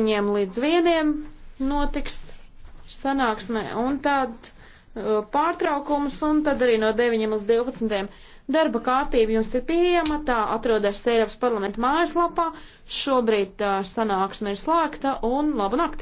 9 līdz 1 notiks sanāksme, un tad uh, pārtraukums, un tad arī no 9 līdz 12. Darba kārtība jums ir pieejama, tā atrodas Eiropas parlamenta mājaslapā. Šobrīd uh, sanāksme ir slēgta, un labu nakti!